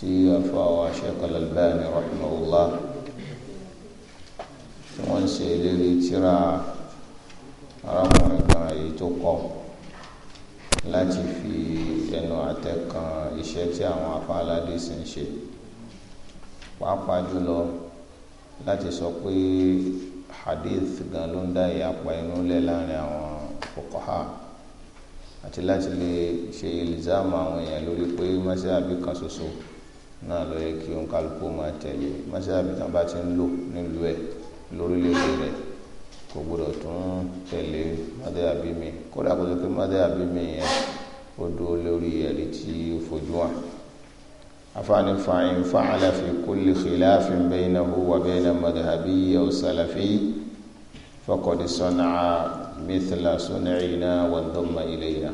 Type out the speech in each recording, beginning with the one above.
tí afa wa Sheikh Al-Albani rahimahullah tí wọ́n ń ṣe ìlérí tíra arákùnrin kan èyí tó kọ́ láti fi ẹnu àtẹ kan iṣẹ́ tí àwọn afa aládé sì ń ṣe pàápàá jùlọ láti sọ pé hadith gan ló ń dá ìyapa inú lẹ̀ láàrin àwọn fuqaha àti láti lè ṣe ìlìzáàmù àwọn èèyàn lórí pé mọ́sí àbí kan ṣoṣo. So -so náà ló yẹ kí oníkálukú máa tẹ̀lé mọ́ṣáláṣí tán bá ti ń lò nílùú ẹ̀ lórílẹ̀‐èdè rẹ̀ kò gbọdọ̀ tún tẹ̀lé mọ́ṣáláṣí mi kódà kó tó pé mọ́ṣáláṣí mi yẹn ó dúró lórí ẹ̀rí tí ó fojú hàn. afaani fa'in fa'ala kulli khilafin baynahu wa bayna madhhabiyyi aw salafiyyi faqad sana'a mithla sun'ina wa dhamma ilayna.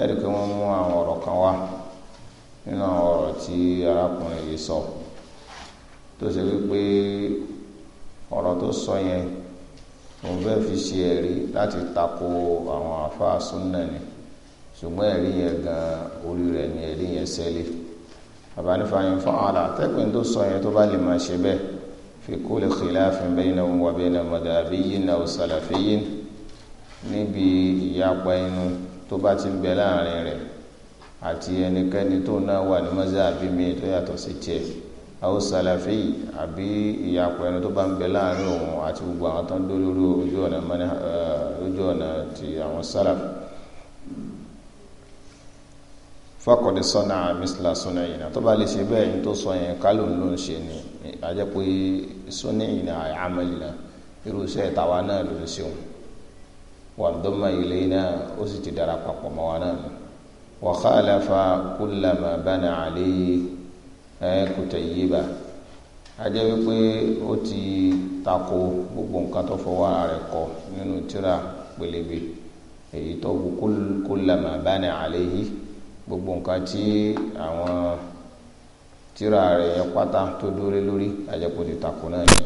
ẹ̀rí kí wọ́n mú àwọn kan wá nínú àwọn ọ̀rọ̀ tí arákùnrin yìí sọ tó ṣe wípé ọ̀rọ̀ tó sọ yẹn òun fẹ́ fi ṣe ẹ̀rí láti tako àwọn àfáà súnnà ni ṣùgbọ́n ẹ̀rí yẹn gan orí rẹ̀ ni ẹ̀rí yẹn sẹ́lẹ̀ bàbá nífa yẹn fún àwọn àtẹ́gbìn tó sọ yẹn tó bá lè máa ṣe bẹ́ẹ̀ fi kulli khilafin baynahum wa bayna madhabiyyin aw salafiyyin níbi ìyapa inú tó bá ti ń bẹ láàrin rẹ̀ àti ẹnikẹ́ni tó náà wà ní mọ́sáàbí mi tó yàtọ̀ sí tiẹ̀ àwọn sàlàfí àbí ìyàpọ̀ ẹni tó bá ń bẹ láàrin òun àti gbogbo àwọn tó ń dó lórí ojú ọ̀nà ojú ọ̀nà ti àwọn sàlàf fọkọ̀dé sọ́nà mísìlá sọ́nà ìyìnà tó bá lè ṣe bẹ́ẹ̀ ní tó sọ yẹn kálò ló ń ṣe ni àjẹpọ̀ sọ́nà ìyìnà àmàlìlà irú iṣẹ́ ìtawà náà ló ń ṣe wọn wàdọ́mà ilé náà ó sì ti darapọ̀ mọ́ wa náà nù وخالف كل ما بنى عليه كتيبة ajẹ́ wípé ó ti tako gbogbo nǹkan tó fọwọ́ ara rẹ̀ kọ nínú tírà pélébé èyí tó wù kullama bana alayhi gbogbo nǹkan tí àwọn tírà rẹ̀ yẹn pátá tó dúró lórí ajẹ́ kó ti tako náà ni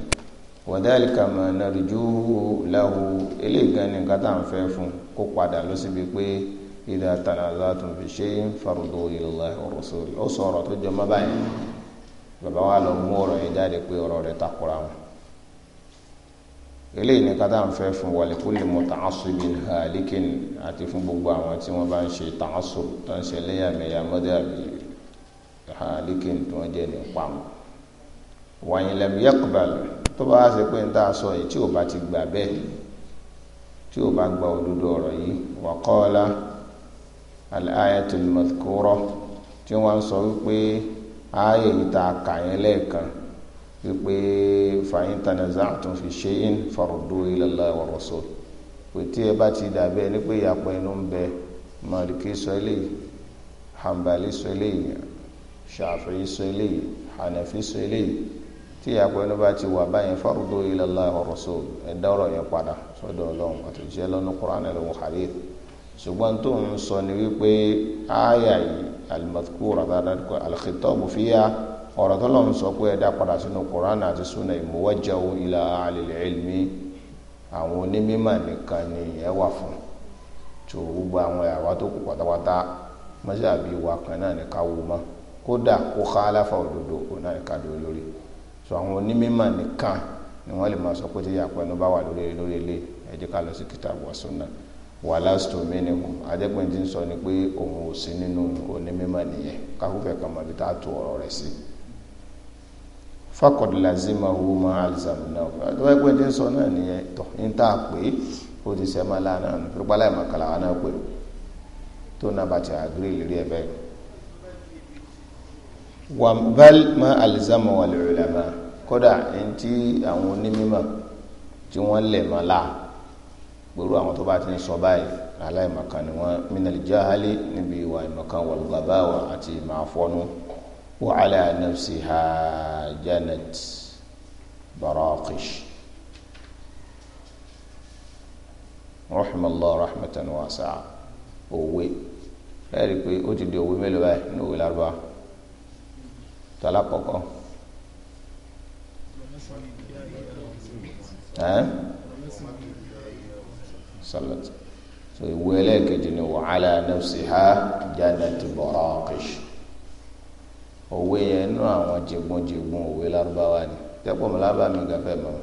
wadhalika ma narjuhu lahu eléyìí gan ni nǹkan tá à ń fẹ́ fún kó padà lọ síbi pé idha tanaza'tum fi shay'in farudduhu ila Allahi wa rasuli ó sọ ọ̀rọ̀ tó jọmọ́ báyìí bàbá wa lọ mú ọ̀rọ̀ yẹn jáde pé ọ̀rọ̀ rẹ̀ takura wọn eléyìí ni kátà ń fẹ́ fún wàlẹ̀ kó lè mọ ta'assubin halikin àti fún gbogbo àwọn tí wọ́n bá ń ṣe ta'assub tó ń ṣe lẹ́yàmẹ̀yà madhabi halikin tó ń jẹ́ ní pàmò wàyìn lẹ́m yaqbal tó bá ṣe pé ń tà sọ yìí tí ò bá ti gbà bẹ́ẹ̀ tí ò bá gba òdodo ọ̀rọ̀ yìí wa qala al-ayatul madhkura tí wọ́n sọ wípé ayé ìta kàyẹ́ lẹ́ẹ̀kan wípé fa in tanaza'tum fi shay'in faruddu ila Allah wa rasul pé tí ẹ bá ti dàbẹ́ ní pé ìyàpọ̀ inú ń bẹ Maliki sọ eléyìí Hanbali sọ eléyìí Shafi'i sọ eléyìí Hanafi sọ eléyìí tí ìyàpọ̀ inú bá ti wà báyìí faruddu ila Allah wa rasul yẹn padà sọ́dọ̀ ọlọ́run àtúnṣe lọ́nu Qur'an ẹ̀lọ́run hadith ṣùgbọ́n tó ń sọ ni wípé àyà yìí alimadukura tàdádùkọ alkhitabu fiya ọ̀rọ̀ tó lọ́n sọ pé ẹ̀dá padà sínú Qur'an àti sunna muwajjahu ila alil ilmi àwọn onímọ̀ nìkan ni ẹ wà fún tó gbogbo àwọn àwa tó kù pátápátá mọ́sàbí wa kan náà ní ká wò mọ́ kódà kó khalafa òdodo òun náà ní ká dúró lórí so àwọn onímọ̀ nìkan ni wọ́n lè máa sọ pé tí yàpẹ́ ẹnu bá wà lórí lórí ilé ẹ ká lọ sí kitabu wa sunna. wàhálàstò mínìkù ajẹ́pẹ́ sọ ni pé òun ò sí nínú onímọ̀ nìyẹn kákúfẹ́ kan mọ̀ bí tá a tó ọ̀rọ̀ rẹ̀ sí. fakọ̀dì wo ma alizam náà ajẹ́pẹ́ sọ náà nìyẹn tọ̀ ní tá a pè é ó ti sẹ́ máa lánàá nù pípa láì máa kàlà wọn náà ma alizama wà lórí kódà àwọn onímọ̀ tí wọ́n lè pẹ̀lú àwọn tó bá ti ń sọ báyìí aláìmọ̀kan ni wọ́n minal jahali níbi ìwà ìmọ̀kan wal ghabawa àti ìmọ̀ àfọ́nú wa ala nafsiha janat baraqish rahimallah rahmatan wasi'a òwe ẹ rí i pé ó ti di òwe mélòó báyìí ní òwe lárúbá tọ́lá salat so ìwé ẹlẹ́ẹ̀kejì ni wa ala nafsiha jannatu baraqish òwe yẹn nínú àwọn jẹgbọ́njẹgbọ́n òwe lárúbáwá ni tẹ́pọ̀ mọ́ lábàámi gafẹ́ mọ́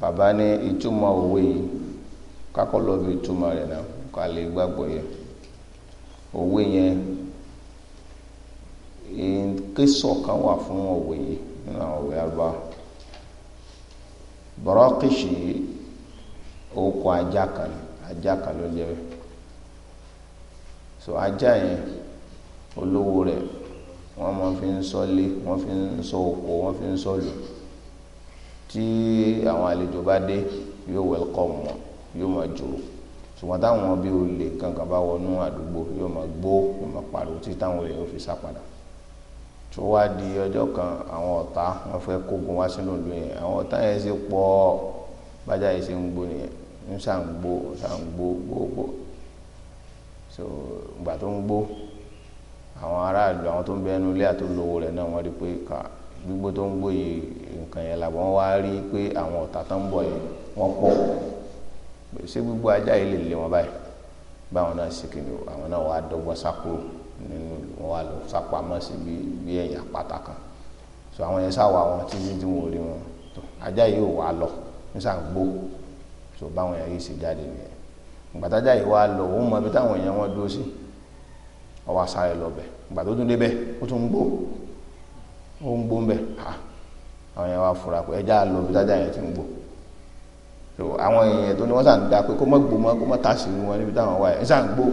bàbá ní ìtumọ̀ òwe yìí kakọlọ bi ìtumọ̀ rẹ̀ náà ká lè gbàgbọ́ yẹ òwe yẹn ìkésọ̀ kan wà fún òwe yìí nínú àwọn òwe àgbà bọ́rọ́kìṣì òkò ajá kan ajá kan ló jẹ́ so ajá yẹn olówó rẹ̀ wọ́n máa fi ń sọ́lé wọ́n fi ń sọ òkò wọ́n fi ń sọ́lù tí àwọn àlejò bá dé yóò wẹ́lkọ̀mù wọn yóò máa jòrò ṣùgbọ́n táwọn bíi olè kankan bá wọnú àdúgbò yóò máa gbó yóò máa pariwo títí táwọn èèyàn fi sá padà tó wá di ọjọ́ kan àwọn ọ̀tá wọn fẹ́ kógun wá sínú ìlú yẹn àwọn ọ̀tá yẹn ṣe pọ̀ bájá yìí ṣe ń gbó nìyẹn ń ṣàǹgbó ṣàǹgbó gbogbo so ìgbà tó ń gbó àwọn aráàlú àwọn tó ń bẹ ẹnu ilé àtolówó rẹ̀ náà wọ́n rí pé ká gbígbó tó ń gbó yìí nǹkan yẹn làwọn wá rí pé àwọn ọ̀tá tó ń bọ̀ yìí wọ́n pọ̀ ṣé gbígbó ajá yìí lè lé wọn báyìí báwọn náà ṣe kìnìún àwọn náà wàá dọ́gbọ́n sá nínú wọn wá lọ sápamọ́ sí bí bí ẹ̀yà pátá so àwọn yẹn sáwọ àwọn títí tí wọn ò rí wọn tó ajá yìí ò wá lọ nísà gbó so báwọn yẹn yìí ṣe jáde nìyẹn gbàtájà yìí wá lọ òun mọ ibi táwọn èèyàn wọn dúró sí ó wá sáré lọ bẹ gbà tó tún débẹ̀ ó tún gbó ó ń gbó ń bẹ ha àwọn yẹn wá fura pé ẹjá lọ ibi tájà yẹn ti ń gbó so àwọn èèyàn tó ní wọn sàn dá pé kó mọ gbó mọ kó mọ tà sí wọn níbi táwọn wà yẹn sàn gbó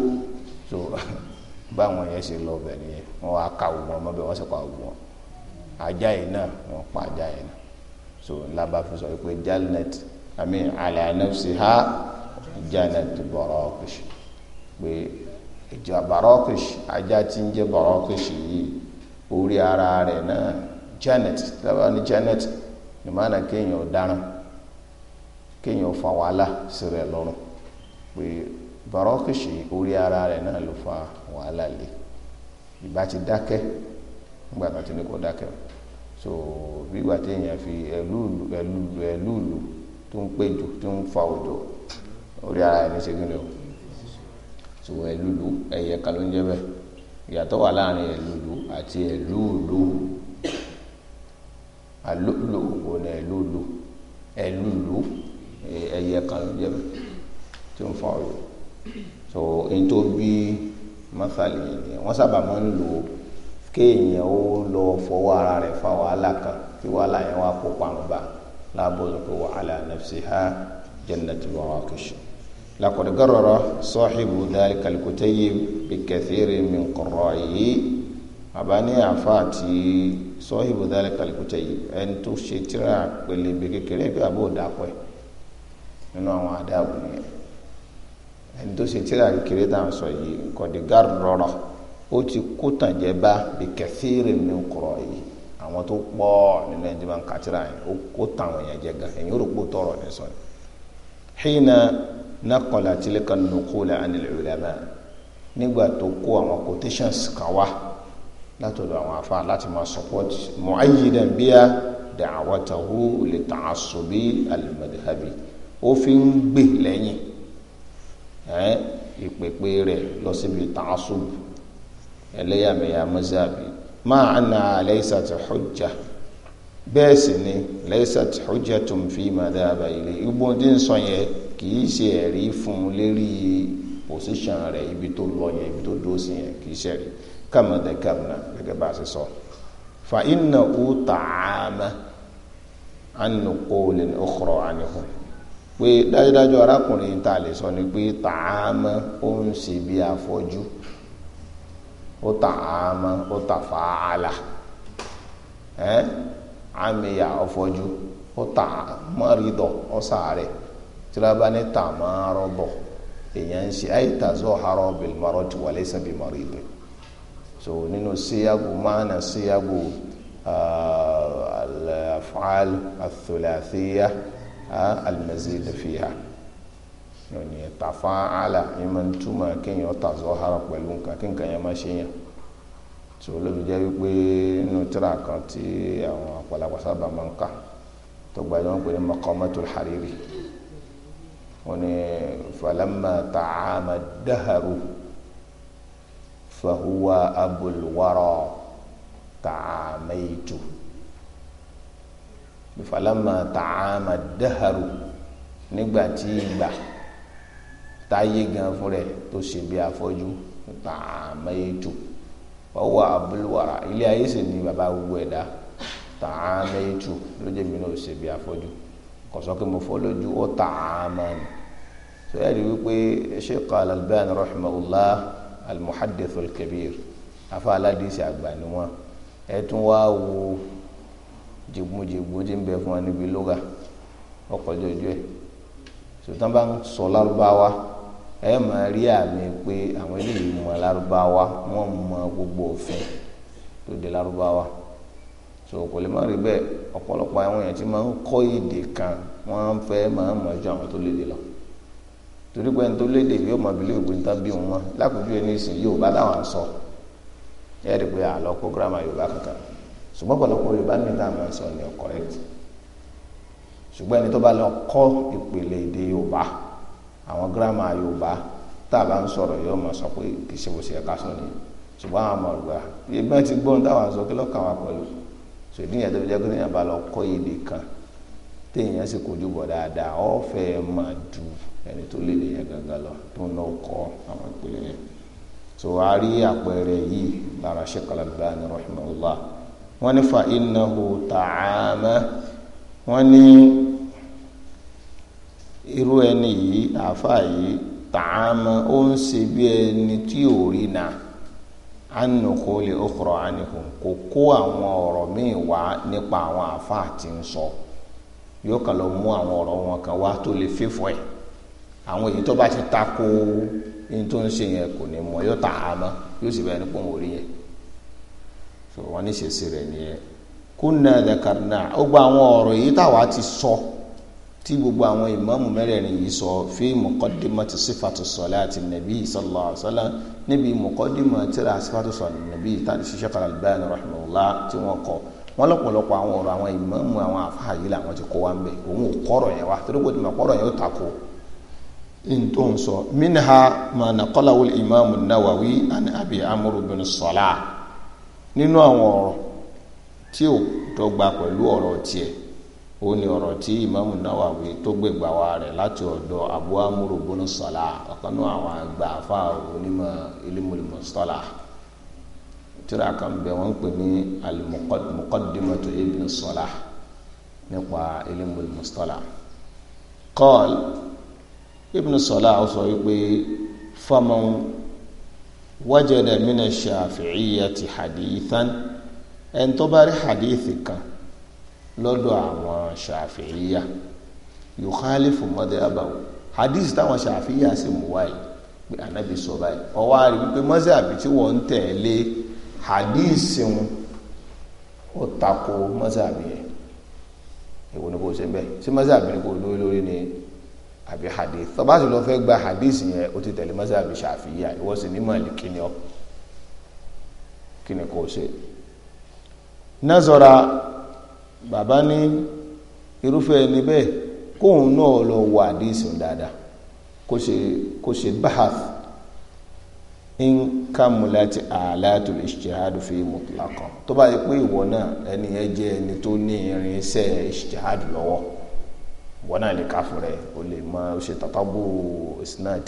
so báwọn yẹn ṣe lọ bẹ̀ nìyẹn wọ́n wá ká ogun ọmọ bẹ́ẹ̀ wọ́n sì pa ogun ajá yìí náà wọ́n pa ajá yìí náà so lábàá fi sọ pé jalnet àmì àlẹ́ ànáfsì ha jalnet bọ̀rọ̀kìṣì pé ìjọ bọ̀rọ̀kìṣì ajá tí ń jẹ́ bọ̀rọ̀kìṣì yìí orí ara rẹ̀ náà janet lábàá ní janet ìmọ̀nà kéèyàn dáràn kéèyàn fa wàhálà sí rẹ̀ lọ́rùn pé bọ̀rọ̀kìṣì orí ara rẹ̀ náà ló fa wàhálà lé ìbá ti dákẹ́ nígbà tó ti ní kó dákẹ́ so bí ìgbà téèyàn fi ẹlúùlù ẹlúùlù ẹlúùlù tó ń péjò tó ń fa òjò orí ara ẹni ṣe gíní o so ẹlúùlù ẹyẹ kan ló ń jẹ bẹ́ẹ̀ ìyàtọ̀ wà láàrin ẹlúùlù àti ẹlúùlù alóòlò òun ẹlúùlù ẹlúùlù ẹyẹ kan ló ń jẹ bẹ́ẹ̀ tó ń fa òjò so èyí tó bí mọ́sálì yẹn wọ́n sábà máa ń lò ó kéèyàn ó lọ fọwọ́ ara rẹ̀ fa wàhálà kan kí wàhálà yẹn wá kó parun bá láàbò ló pé wàhálà nàfṣe ha jannatu wàhálà kìṣù. لقد قرر صاحب ذلك الكتيب بكثير من قرائه abani afaati sọhibu dali kalikute yi ẹni tó ṣe tírà pélébé kékeré bí abó dàpọ̀ nínú àwọn adáàbò nìyẹn ẹni tó ṣe tíra kékeré tá à ń sọ yìí kọ̀dígà rọrọ̀ ó ti kó tàn jẹ́ bá bí kẹfíìrì mi kọ̀rọ̀ yìí àwọn tó pọ̀ nínú ẹni tí wọ́n ń ka tíra yẹn ó kó tàn wọ̀nyẹ jẹ́ gan ẹ̀yin ó rò pé ó tọrọ ní sọ ni. hina nakọla tilika nukula anil ulama nígbà tó kó àwọn quotations kan wá látọ̀dọ̀ àwọn afa láti máa support mu'ayyidan biya da'awatahu li ta'assubi al-madhhabi ó fi ń gbè lẹ́yìn ẹ ìpèpè rẹ̀ lọ síbi tàásùb ẹlẹ́yàmẹ̀yà mọ́sáàbì máa àna laysat hujja bẹ́ẹ̀ sì ni laysat hujjatun fi madhaba ilé igbó tí ń sọ yẹn kì í ṣe ẹ̀rí fún un lérí position rẹ̀ ibi tó lọ yẹn ibi tó dúró sí kì í ṣe ẹ̀rí kàmọ́dé kàmọ́nà gẹ́gẹ́ bá a ṣe sọ fa innahu ta'ama an nuqulin ukhra anhum pé dájúdájú arákùnrin ta lè sọ ni pé tààmà ó ń ṣe bí afọ́jú ó tààmà ó tàfàálà ẹ́ àmìyà ọ̀fọ́jú ó tààmà rídọ̀ ọ̀sàárẹ̀ tí wọ́n bá ní tààmà rọ́bọ̀ èèyàn ń ṣe ayé tàzọ́ harọ́ bìlmọ́rọ́ ti wọlé sábì mọ́rí ibẹ̀ so nínú síyàgò mánà síyàgò àlàfààl àtòlàfíà. Uh, alimazid fiha lónìí tàfà àlà yìí máa ń túmọ̀ kéèyàn tàzọ́ hara pẹ̀lú nǹkan kí nǹkan yẹn máa ṣe yàn tí olóbi jẹ́ wípé inú tíra kan tí àwọn àpàlàpà sábà máa ń kà tó gbajúmọ̀ wọn pè ní maqamatul hariri wọn ni falamma ta'ama daharu fahuwa abul wara ta'amaitu falama tààmà dẹ́hàrú nígbà tí ìgbà táyé gan fún rẹ̀ tó ṣe bí afọ́jú tààmà ètò ọwọ́ abúlúwàrà ilé ayé sì ni bàbá gbogbo ẹ̀dá tààmà ètò ló jẹ́ mi náà ṣe bí afọ́jú kọ̀sọ́ kí mo fọ́ lójú ó tààmà ni so ẹ̀ rí wípé Sheikh Al-Albani rahimahullah al-muhaddith al aládìsí àgbà ni wọn ẹ̀ tún wá wo. jìgbójìgbó tí ń bẹ fún wa níbi lóga ẹ sọtàn bá ń sọ lárúbáwá ẹ máa rí àmì pé àwọn eléyìí mọ̀ lárúbáwá wọ́n mọ̀ gbogbo òfin tó de lárúbáwá so kò lè má rí bẹ́ẹ̀ ọ̀pọ̀lọpọ̀ àwọn èèyàn tí máa ń kọ èdè kan máa àwọn tó léde lọ torí pé ẹni tó léde yóò bí wọn lápòjú ẹni sìn yóò bá sọ ẹ rí i pé àlọ́ kó ṣùgbọ́n pọ̀lọpọ̀ yorùbá mi tá a máa sọ ni correct ṣùgbọ́n ẹni tó bá lọ kọ́ ìpìlẹ̀ èdè yorùbá àwọn gírámà yorùbá tá a bá ń sọ̀rọ̀ yóò máa sọ pé kì í ṣe bó ṣe ẹ̀ka sọ ni ṣùgbọ́n àwọn ọmọ ọ̀gbà ìgbọ́n ti gbọ́n táwọn sọ kí lọ́kàn wa pẹ̀lú ṣèdí yẹn tó fi jẹ́ pé téèyàn bá lọ kọ́ èdè kan téèyàn sì kojú bọ̀ dáadáa ọ̀fẹ́ máa wọ́n ní fa innahu ta'ama wọ́n ní irú ẹni yìí àfa yìí ta'ama ó ń ṣe bí ẹni tí ò rí na anukó lè okòrò anihun kò kó àwọn ọ̀rọ̀ míì wá nípa àwọn àfa tí ń sọ yóò kàn lọ mú àwọn ọ̀rọ̀ wọn kan wá tó lè fífọ́ ẹ̀ àwọn èyí tó bá ti ta ko ẹni tó ń ṣe yẹn kò ní mọ yóò ta'ama yóò sì bẹ̀rẹ̀ nípò so wọn ní ṣèṣe rẹ̀ nìyẹn kúnà dẹkàrínà ó gba àwọn ọ̀rọ̀ yìí táwa ti sọ tí gbogbo àwọn ìmáàmù mẹ́rẹ̀ẹ̀rin yìí sọ fi muqaddimati sífàtú salati nàbí sallallahu alaihi wasallam níbi muqaddima tíra sífàtú salati nàbí tàbí ṣiṣẹ́ kan Albani rahimahullah tí wọ́n kọ́ wọn lọ́pọ̀lọpọ̀ àwọn ọ̀rọ̀ àwọn ìmáàmù àwọn àfáà yìí làwọn ti kó wa ń bẹ̀ òun ò kọ́rọ̀ yẹn wa torí kò tí kọ́rọ̀ yẹn ó takò ntòun sọ minha ma naqalahu al-imam nawawi an Abi Amr bin Salah nínú àwọn ọ̀rọ̀ tí ò dọ́gba pẹ̀lú ọ̀rọ̀ tiẹ̀ ó ní ọ̀rọ̀ tí ìmáàmù Nawawi tó gbègbà wa rẹ̀ láti ọ̀dọ̀ Abu Amru ibn Salah ọ̀kan náà àwọn àgbà afa onímọ̀ ilmul mustalah tíra kan bẹ wọ́n pè ní al-muqaddimatu ibn nípa ilmul mustalah qal ibn Salah ó sọ wípé faman wajada mina shafi'iyyati hadithan ẹni tó bá rí hadithi kan lọ́dọ̀ àwọn shafi'iyya yukhalifu madhabahu hadith táwọn shafi'iyya sì mú wáyé pé anabi sọ báyìí ọwọ́ àrí wípé mọ́sàbí tí wọ́n ń tẹ̀lé hadith wọn ó tako mọ́sàbí yẹn èwo ni kò ṣe bẹ́ẹ̀ ṣé mọ́sàbí ni kò ni. àbí hadith tó si sì lọ fẹ́ gba hadith yẹn ó ti tẹ̀lé mọ́sáàbí ṣàfihàn ìwọ sì ní mọ̀lì kíni ọ kíni kò ṣe nazara bàbá ní irúfẹ́ ẹni bẹ́ẹ̀ kóun náà lọ wọ hadith dáadáa kó ṣe kó ṣe bahath in kamulati alatu ishtihadu fi mutlaqan tó bá yẹ pé ìwọ náà ẹni yẹn jẹ́ ẹni tó ní irinṣẹ́ ishtihadu wọn náà lè ká fún rẹ o lè mọ o ṣe tatabu isnad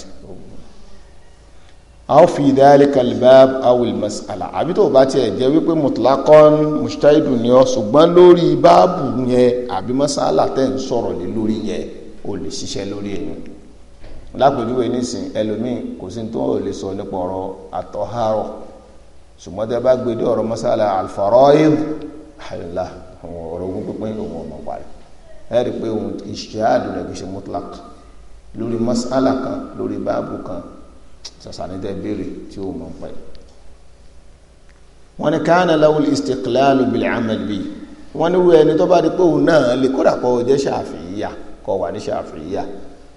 aw fi dhalika albab aw almas'ala àbí tó o bá tiẹ̀ jẹ́ wípé mutlaqan mustaidu ni ọ ṣùgbọ́n lórí báàbù yẹn àbí mas'ala tẹ̀ ń sọ̀rọ̀ lé lórí yẹn o lè ṣiṣẹ́ lórí ẹ̀yìn lápèjúwe nísìn ẹlòmíì kò sí tó o lè sọ nípa ọ̀rọ̀ àtọ̀hárọ̀ ṣùgbọ́n tẹ́ bá gbé dé ọ̀rọ̀ mas'ala alfara'id àyìnlá ọ̀rọ̀ ogún pínpín òun ọmọ parí ẹ rí i pé òun ìṣèhádù rẹ̀ kì í ṣe mutlak lórí masala kan lórí báàbù kan sàṣànídẹ́ béèrè tí ó mọ̀ ń pẹ́. wọ́n ní káàna lawul istiqlalu bil amal bi wọ́n ní wúwo ẹni tó bá rí pé òun náà lè kódà kọ́ ọ jẹ́ ṣàfihàn kọ́ wà ní ṣàfihàn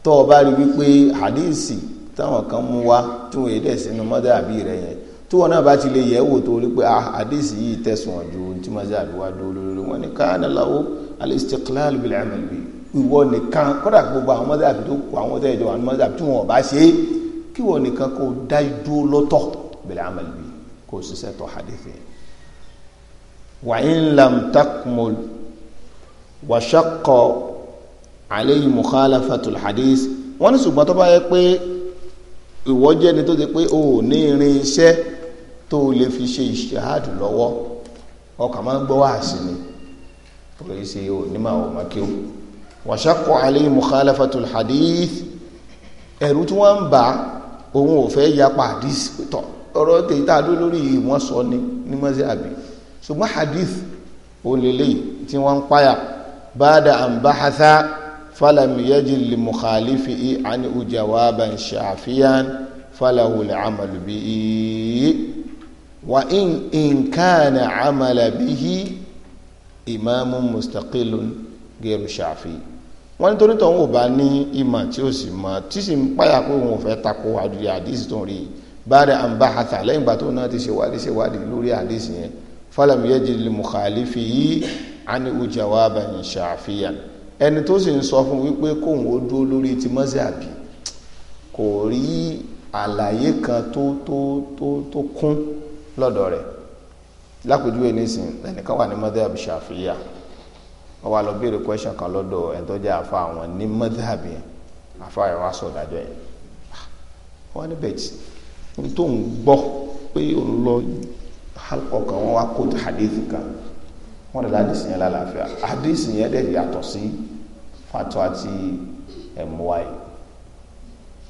tó o bá rí wípé hadisi táwọn kan mú wá tí wọ́n yéé dẹ̀ sínú mọ́dàbí rẹ̀ yẹn tí wọ́n náà bá ti lè yẹ̀ wò tó rí pé ah, hadisi yìí tẹ̀sùn ọ̀jù ohun tí mọ́dàbí wá dúró lórí wọn ní káàna lawul al-istiqlal bil-amal bi ìwọ nìkan kódà gbogbo àwọn mọ́tò àbí tó kọ àwọn tẹ́lẹ̀ jọ àwọn mọ́tò àbí tí wọn ò bá ṣe é kí ìwọ nìkan kó dá ijó lọ́tọ̀ bil-amal bi kó ṣiṣẹ́ tó hadith yẹn. wa in lam takmul wa shaqqa alayhi mukhalafatul hadith ní ṣùgbọ́n tó bá yẹ pé ìwọ jẹ́ ni tó ti pé o ò ní irin iṣẹ́ tó o lè fi ṣe ìṣahádù lọ́wọ́ ọkàn máa ń gbọ́ wá sí ni ọ̀rọ̀ yìí ṣe onímọ̀ àwọn makíw wàṣàkọ̀ alẹ́ mukhalafatul hadith ẹ̀rù tí wọ́n ń bà òun ò fẹ́ yapa hadith tọ̀ ọ̀rọ̀ tèyí tá a dó lórí ìwọ̀n sọ ni ní mọ́sí àbí ṣùgbọ́n hadith ó lélẹ̀ tí wọ́n ń páyà bada an bahatha falam yajid li jawaban shafiyan falahu al-amalu bihi wa in in kana amala bihi ìmáàmù mustaqilun gẹ̀rù ṣàfi wọ́n ní torí tọ̀hún ò bá ní ìmọ̀ tí ó sì mọ̀ tí sì ń páyà pé òun ò fẹ́ takò àdìrí àdìsí tó ń rí báàrẹ̀ àǹbá àtà lẹ́yìn ìgbà tó náà ti ṣe wádìí ṣe wádìí lórí àdìsí yẹn fọlọ́mù yẹ́ jìnnì mùkàlífì yìí á ní ojà wà bàyìn ṣàfihàn ẹni tó sì ń sọ fún wípé kóun ó dúró lórí ti mọ́sàbí kò rí àlàyé kan tó tó tó tó kún lọ́dọ̀ rẹ̀ lápèjúwe nísìn ẹnìkan wà ní madhab shafiya wọ́n wá lọ béèrè question kan lọ́dọ̀ ẹni tó jẹ́ àfa àwọn ní madhab yẹn àfa yẹn wá sọ ìdájọ́ yẹn ah, wọ́n ní bẹ́ẹ̀ tí tó ń gbọ́ pé òun lọ ọkàn wọn wá kóòtù hadith kan wọ́n dẹ̀ láti yẹn lálàáfíà hadith yẹn dẹ̀ yàtọ̀ sí fatwa ti ẹ̀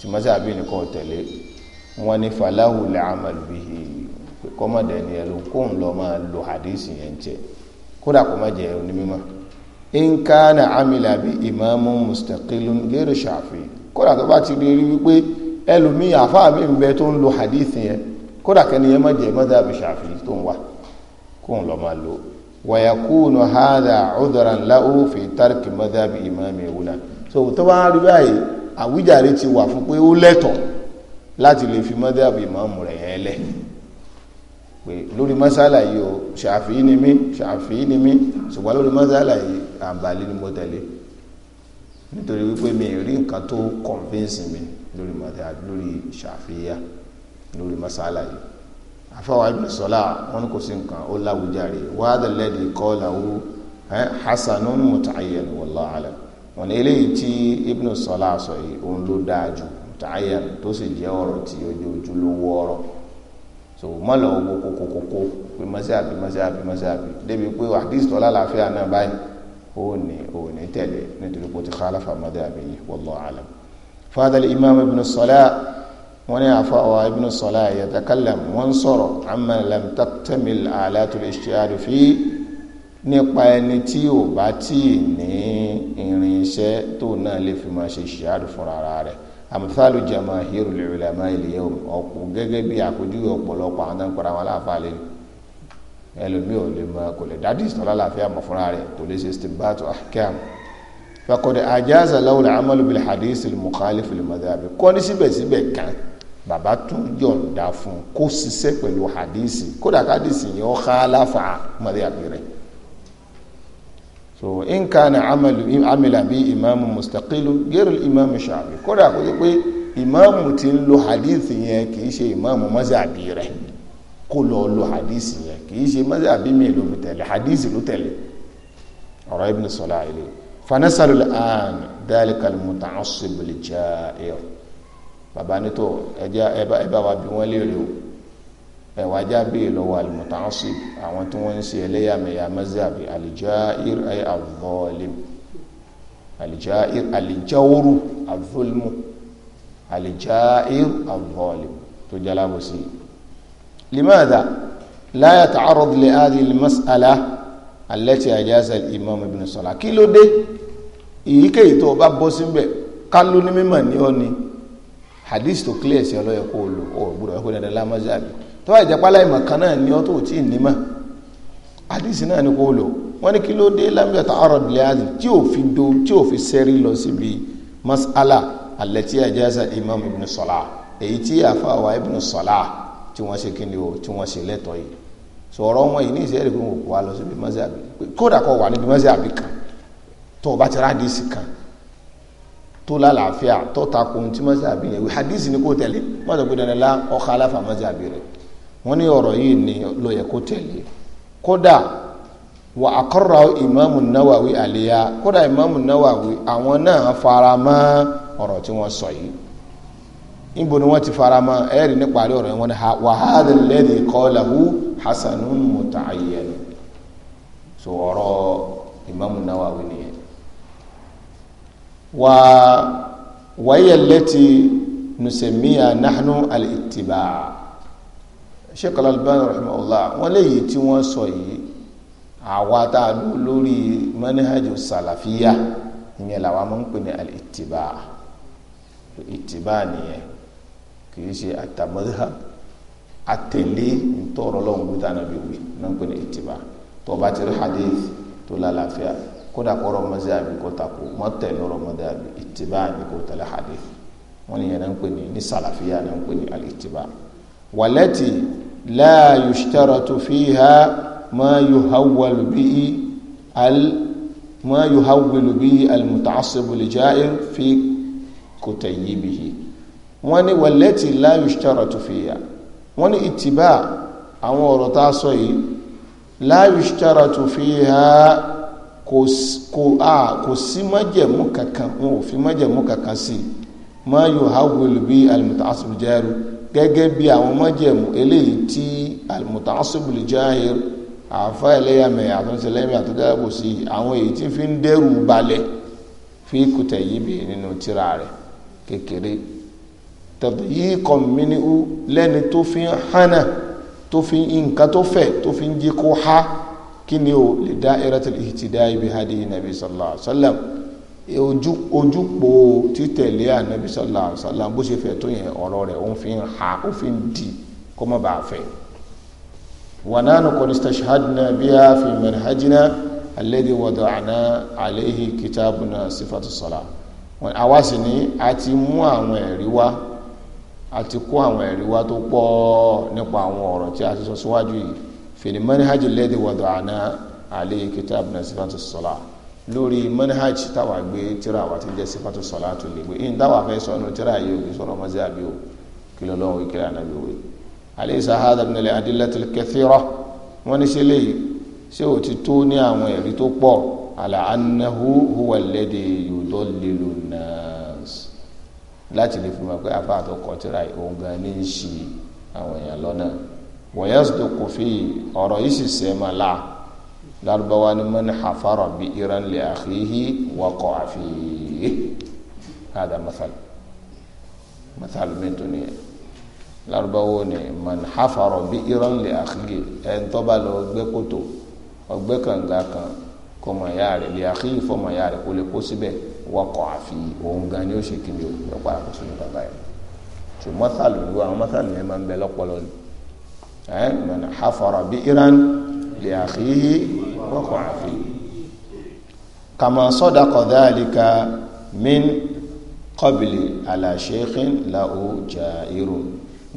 tí mọ́sàbí nìkan tẹ̀lé wọ́n ní faláhù làmàlù bíi pé kọ́mọ̀dé ni ẹlò kóun lọ máa lo hadisi yẹn jẹ kódà kó má jẹ onímọ̀ nkaana amila bi imaamu mustaqilun gairu shafi kódà tó bá ti rí rí wípé ẹlòmíì àfáà mi ń bẹ tó ń lo hadisi yẹn kódà kẹ́ni yẹn má jẹ mọ́sàbí shafi tó ń wà kóun lọ máa lo wàyàkúnù hádà ọ̀dọ̀ràn láwù fi tárkì mọ́sàbí imaami wùnà so tó bá rí báyìí àwíjàre ti wà fún pé ó lẹ́tọ̀ láti lè fi mọ́dẹ́àbù ìmáàmù rẹ̀ yẹn lẹ̀ pé lórí mọ́sálà yìí o ṣàfihì ni mí ṣàfihì ni mí ṣùgbọ́n lórí mọ́sálà yìí àǹbálí ni mo tẹ̀lé nítorí wípé mi rí nǹkan tó convince mi lórí mọ́dẹ́àbù lórí ṣàfihìyà lórí mọ́sálà yìí afọwọ́ ibùdó sọlá wọn kò sí nǹkan ó láwùjáre wàá dẹ̀ lẹ́dí kọ́ làwù hasanun mutayyan wallahu wọn eléyìí tí Ibn Salah sọ yìí òun ló dáa jù tààyà tó sì jẹ́ ọ̀rọ̀ tí ojú ojú ló wọ ọ̀rọ̀ so mọ́lọ̀ owó kókókókó pé mọ́sáàbí mọ́sáàbí mọ́sáàbí débi pé àdìsí tọ́lá làáfíà náà báyìí ó ní ó ní tẹ̀lé nítorí pé ó ti khalafa madhabi wallahu alam fadal imam Ibn Salah wọn ní àfa ọwọ́ Ibn Salah yatakallam wọn sọ̀rọ̀ amma lam taktamil alatul ishtihadu fi nípa ẹni tí ò bá tí ì ní irinṣẹ́ tó náà lè fi máa ṣe ṣìyàrù fún ara rẹ̀ amthalu jamahirul ulama al-yawm ọ̀pọ̀ gẹ́gẹ́ bí àpèjúwe ọ̀pọ̀lọpọ̀ àwọn náà ń pera wọn láàfáà lẹ́nu ẹlòmíì ò lè mọ kò lè dádì ìsìnlá láàfíà mọ̀ fúnra rẹ̀ kò lè ṣe istibatu ahkam fakọ̀dẹ̀ ajaza lawul amalu bil hadith al-mukhalif kọ́ ní síbẹ̀síbẹ̀ kan bàbá tún yọ̀ǹda fún kó ṣiṣẹ́ pẹ̀lú hadith kódà kádìsì yẹn ó khalafa madhabi rẹ̀ so in kana amalu amila bi imaamu mustaqilu gẹ́rù imaamu shaabi kódà kó jẹ́ pé imaamu ti ń lo hadith yẹn kì í ṣe imaamu mazabi rẹ̀ kó lọ lo hadith yẹn kì í ṣe mazabi mi ló fi tẹ̀lé hadith ló tẹ̀lé ọ̀rọ̀ ibn sọlá ilé fanasalu al'an dalika mutaassib lija'ir baba nítò ẹjẹ ẹbá wa bí wọ́n léèrè o ẹ̀wà jábì lọ́wọ́ al-muta'assib àwọn tí wọ́n ń ṣe ẹlẹ́yàmẹ̀yà mazhabi al-ja'ir ay al-zalim al-ja'ir al-jawru al-zulmu al-ja'ir al-zalim tó jalábọ̀ sí limadha la yata'arrad li hadhihi al-mas'ala allati ajaza al-imam ibn Salah kí ló dé èyíkéyìí tó bá bọ́ síbẹ̀ kálú ní mímọ̀ ní ọ́ ni hadith tó clear sí ọlọ́yẹ kó o lò ó gbúdọ̀ ẹ̀kọ́ dandan lámọ́sí àbí tó bá ìjàpá láìmọ̀ kan náà ni ọ́ tó tí ì nímọ̀ àdìsí náà ni kò lò wọ́n ní kí ló dé lámìlẹ̀ tá ọ̀rọ̀ ìdílé àti tí ò fi do tí ò fi sẹ́rí lọ síbi masala alẹ́tí àjẹsà imam ibn Salah èyí tí àfàwà ibn Salah tí wọ́n ṣe kíni o tí wọ́n ṣe lẹ́tọ̀ yìí sọ̀rọ̀ wọn yìí ní ìṣẹ́rí pé wọ́n wá lọ síbi mọ́síàbí kódà kọ́ wà níbi mọ́síàbí kan tó o bá ti rádìsì kan tó lálàáfíà tó takò ohun tí mọ́síàbí yẹn wí hadìsì ni kò tẹ̀lé mọ́síàbí dandan lá ọ̀ka aláfà wọ́n ní ọ̀rọ̀ yìí ni ló yẹ kó tẹ̀lé kódà wà àkọ́rọ̀ ìmáàmù náwàwí àlèyá kódà ìmáàmù náwàwí àwọn náà fara mọ́ ọ̀rọ̀ tí wọ́n sọ yìí níbo ni wọ́n ti fara mọ́ ẹ̀rí níparí ọ̀rọ̀ yẹn wọ́n ní wa hadha alladhi qalahu hasanun muta'ayyan so ọ̀rọ̀ ìmáàmù náwàwí nìyẹn wà wáyé lẹ́tì nùsẹ̀míyà nahnu al-ittiba' Sheikh Al-Albani rahimahullah wọ́n léyìí tí wọ́n sọ yìí àwa tá a lò lórí manhaj salafiya ìyẹn làwa máa ń pè ní al-ittiba ìtìbá nìyẹn kì í ṣe àtàmọ́dá àtẹ̀lé ntọ́rọ lọ́wọ́ gbé tánà bí wí náà ń pè ní ìtìbá tó o bá ti rí hadith tó lálàáfíà kódà kọ́rọ̀ mọ́sí àbí kó takò mọ́tẹ̀lé ọ̀rọ̀ mọ́dé àbí ìtìbá àbí kó tẹ̀lé hadith wọ́n nìyẹn náà ń pè ní ní sàlàfíà náà ń pè ní al wàlẹ́tì láàyò ṣítẹ́rọ̀ tó fi ha máa yóò hawàlù bí i al máa yóò hawàlù bí i almutaasibu lè jáìr fi kò tẹ̀yí bí i wọ́n ní wàlẹ́tì láàyò ṣítẹ́rọ̀ tó fi ha wọ́n ní ìtìbá àwọn ọ̀rọ̀ tá a sọ yìí láàyò kankan wọn fi májẹ̀mú kankan sí ma yuhawwilu bí al-muta'assib jaru gẹ́gẹ́ bí àwọn mọ́jẹ̀mú eléyìí tí almutasibul jahir àáfà ẹlẹ́yàmẹ̀ àtúnṣẹlẹ́mẹ̀ àtúnṣẹlẹ́bù sí àwọn èyí tí fi ń dẹ́rù balẹ̀ fi kùtẹ̀ yìí bì nínú tírà rẹ̀ kékeré tàbí yìí kàn mí ní u lẹ́ni tó fi ń hánà tó fi ń nǹkan tó fẹ̀ tó fi ń jí kó há kí ni o lè dá ẹrẹ́tẹ̀lì ìtìdá ibi hadi nabi sallallahu alaihi ojú ojúpò títẹ̀lé ànábi sọlá sọlá bó ṣe fẹ́ tó yẹn ọ̀rọ̀ rẹ̀ ó fi ń ha ó fi ń di kó má bàa fẹ́. wa nahnu qad istashhadna biha fi manhajina alladhi wada'na alayhi kitabuna sifatu sọlá. àwa sì ni a ti mú àwọn ẹ̀rí wá a ti kó àwọn ẹ̀rí wá tó pọ̀ nípa àwọn ọ̀rọ̀ tí a ti sọ síwájú yìí fi manhajil ladhi wada'na alayhi kitabuna sifatu sọlá lórí manhaj táwa gbé tíra wa ti jẹ́ sífàtú sọ̀láàtù lè gbé in táwa fẹ́ sọ̀nù tíra yìí òbí sọ̀rọ̀ mọ́sí àbí o kí ló lọ́wọ́ ìkìlẹ̀ ànábì òwe alaysa hadha min al-adillati al-kathira wọ́n ní ṣe léyìí ṣé ò ti tó ní àwọn ẹ̀rí tó pọ̀ ala annahu huwa alladhi yudallilu an-nas láti lè fi mọ̀ pé apá àtọkọ̀ tíra yìí òun gan ní í ṣe àwọn èèyàn lọ́nà wa yasduqu lárúbáwá ni man hafara bi iran li akhihi waqa'a fihi hada masal masal mi tun ni lárúbáwá ni man hafara bi iran li akhihi ẹ̀ ń tó bá lọ gbẹ́ kòtò ọgbẹ́ kànga kan kó mọ̀ ya rẹ̀ lè akhihi fọ́ mọ̀ ya rẹ̀ kó lè kó síbẹ̀ waqa'a fihi òun gan ni ó ṣe kí ni o yọ pa àkóso ní bàbá yẹn tí masal lu masal yẹn máa ń bẹ lọ́pọlọ ni ẹ̀ man hafara bi iran lè àkíyí wọ́kọ̀ àfi kàmà sọ́dakọ̀ dáàlìkà min kọ́bìlì aláṣẹ́kín láò jà irun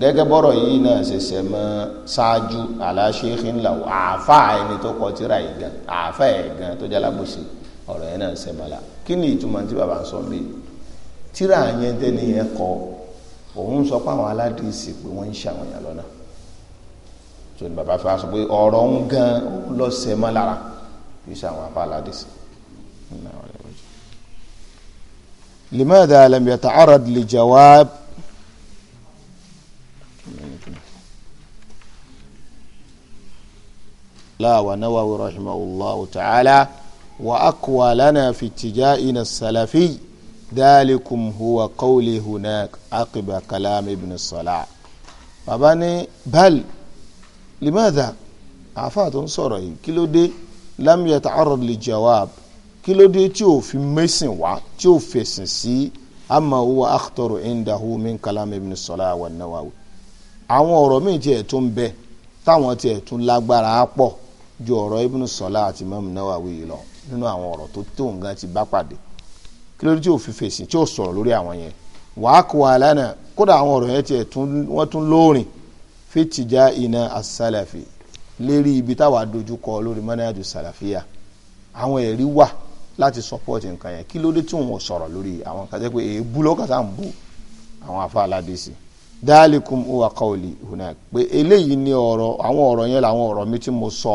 gẹ́gẹ́ bọ́rọ̀ yìí náà ṣẹ̀ṣẹ̀ mọ́ ṣáájú aláṣẹ́kín láò àáfà ẹni tó kọ tíra yìí gan àáfà ẹ̀ gan tó jálábòsí ọ̀rọ̀ yẹn náà ṣẹ̀ mọ́lá kí ni ìtumọ̀ tí bàbá ń sọ mí tíra yẹn tẹ́ni yẹn kọ òun sọ pé àwọn aládìsí pé wọ́n ń ṣàwọn yàn lọ́nà so ní bàbá fẹ́ sọ pé ọ̀rọ̀ ń gan lọ́sẹ̀ mọ́ lára kì í ṣe àwọn afá aládìsí. لماذا لم يتعرض لجواب لا ونووي رحمه الله تعالى وأقوى لنا في اتجاهنا السلفي ذلكم هو قولي هناك عقب كلام ابن الصلاح فبني بل limadha àáfàá tó ń sọ̀rọ̀ yìí kí ló dé lam yata'arrad li jawab kí ló dé tí ò fi mẹ́sìn wá tí ò fẹ̀sìn sí amma huwa akhtaru indahu min kalam ibn Salah wa Nawawi àwọn ọ̀rọ̀ míì tiẹ̀ tún bẹ táwọn tiẹ̀ tún lágbára pọ̀ ju ọ̀rọ̀ ibn Salah àti Imam Nawawi yìí lọ nínú àwọn ọ̀rọ̀ tó tó nǹkan ti bá pàdé kí ló dé tí ò fi fèsì tí ò sọ̀rọ̀ lórí àwọn yẹn wàá kó wa lánàá kódà àwọn ọ̀rọ̀ yẹn tiẹ̀ tún wọ́n tún lóorin fìtìjà iná asálàfì lérí ibi táwa dojú kọ lórí mọ́nájú sàlàfíà àwọn ẹ̀rí wà láti support nǹkan yẹn kí ló dé tí wọn sọ̀rọ̀ lórí àwọn kan jẹ́ pé èébú lọ́kàtà ń bú àwọn afa aládìsí dáàlìkùn ó wà kọ́ọ̀lì hùnà pé ni ọ̀rọ̀ àwọn ọ̀rọ̀ yẹn làwọn ọ̀rọ̀ mi tí mo sọ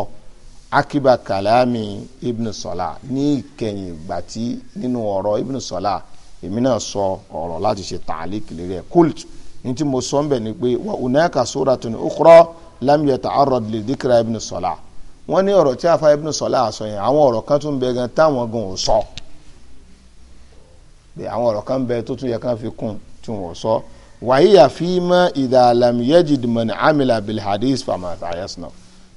akiba kalami ibn sọlá ní ìkẹyìn ìgbà tí nínú ọ̀rọ̀ ibn sọlá èmi náà sọ ọ̀rọ̀ láti ṣe tààlíkì lérí ẹ̀ kóòtù ní tí mo sọ ń bẹ̀ ni pé wa unaka suratun ukhra lam yata'arrad li dhikra ibn Salah wọ́n ní ọ̀rọ̀ tí afa ibn Salah sọ yẹn àwọn ọ̀rọ̀ kan tún bẹ gan táwọn gan ò sọ bẹ àwọn ọ̀rọ̀ kan bẹ tó tún yẹ kán fi kún tí wọ́n sọ wàhíyà fíìmà idha lam yajid man amila bil famata yasna